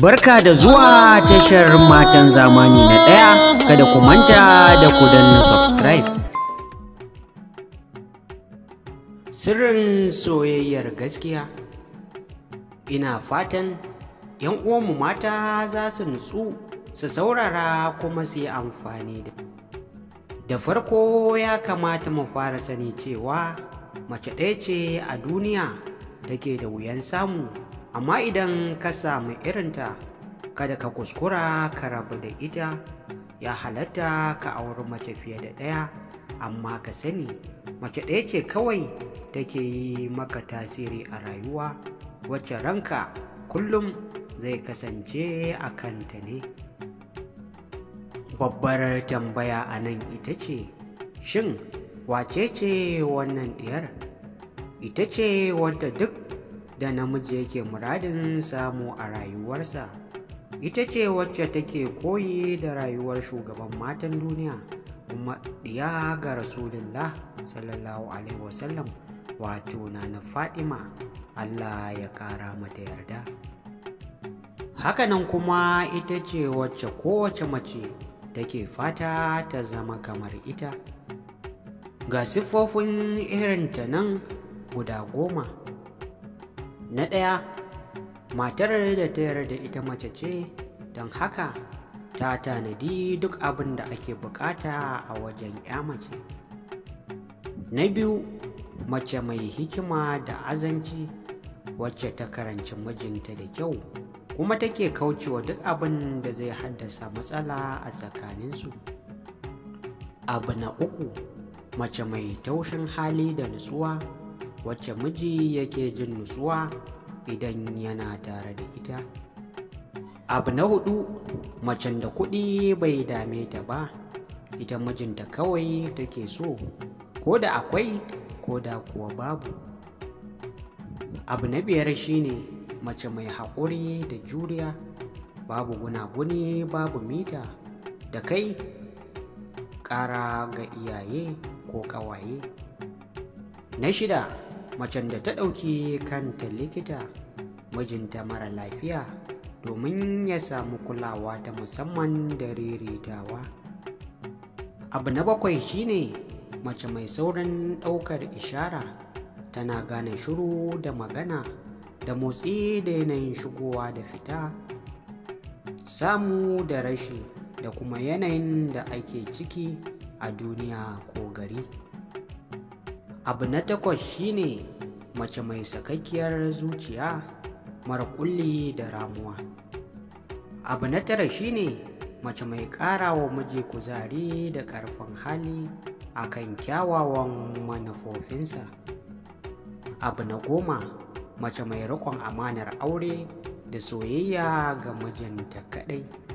Barka da zuwa tashar matan zamani na ɗaya kada ku manta da ku danna subscribe. Sirrin soyayyar gaskiya Ina fatan ‘yan uwanmu mata za su nutsu su saurara kuma su yi amfani da. Da farko ya kamata mu fara sani cewa mace ɗaya ce a duniya take da wuyan samu amma idan ka samu irinta kada ka kuskura ka rabu da ita ya halatta ka auri mace fiye da ɗaya amma ka sani mace ɗaya ce kawai take yi maka tasiri a rayuwa wacce ranka kullum zai kasance a kanta ne babbar tambaya a nan ita ce shin wace ce wannan ɗiyar ita ce wadda duk da namiji yake muradin samu a rayuwarsa ita ce wacce take koyi da rayuwar shugaban matan duniya kuma ga rasulullah sallallahu alaihi wasallam wato na na fatima allah ya kara mata yarda hakanan kuma ita ce wacce kowace mace take fata ta zama kamar ita ga siffofin irinta nan guda goma na ɗaya matar da ta yarda ita mace ce don haka ta tanadi duk abin da ake bukata a wajen ya mace na biyu mace mai hikima da azanci wacce ta karanci mijinta da kyau kuma take kaucewa duk abin da zai haddasa matsala a tsakaninsu abu na uku mace mai taushin hali da nutsuwa wacce miji yake jin nutsuwa idan yana tare da ita abu na hudu macen da kuɗi bai dame ta ba ita mijinta kawai take so ko da akwai ko da kuwa babu abu na biyar shine mace mai haƙuri da juriya babu gunaguni babu mita da kai ƙara ga iyaye ko ƙawaye na shida macen da ta ɗauki kanta likita mijinta mara lafiya domin ya samu kulawa ta musamman da riritawa abu na bakwai shine mace mai saurin ɗaukar ishara tana gane shiru da magana da motsi da yanayin shigowa da fita samu da rashi da kuma yanayin da ake ciki a duniya ko gari abu na takwas shine mace mai sakakkiyar zuciya mara kulli da ramuwa abu na tara shine mace mai wa miji kuzari da ƙarfin hali akan kyawawan manufofinsa abu na goma mace mai riƙon amanar aure da soyayya ga mijinta kaɗai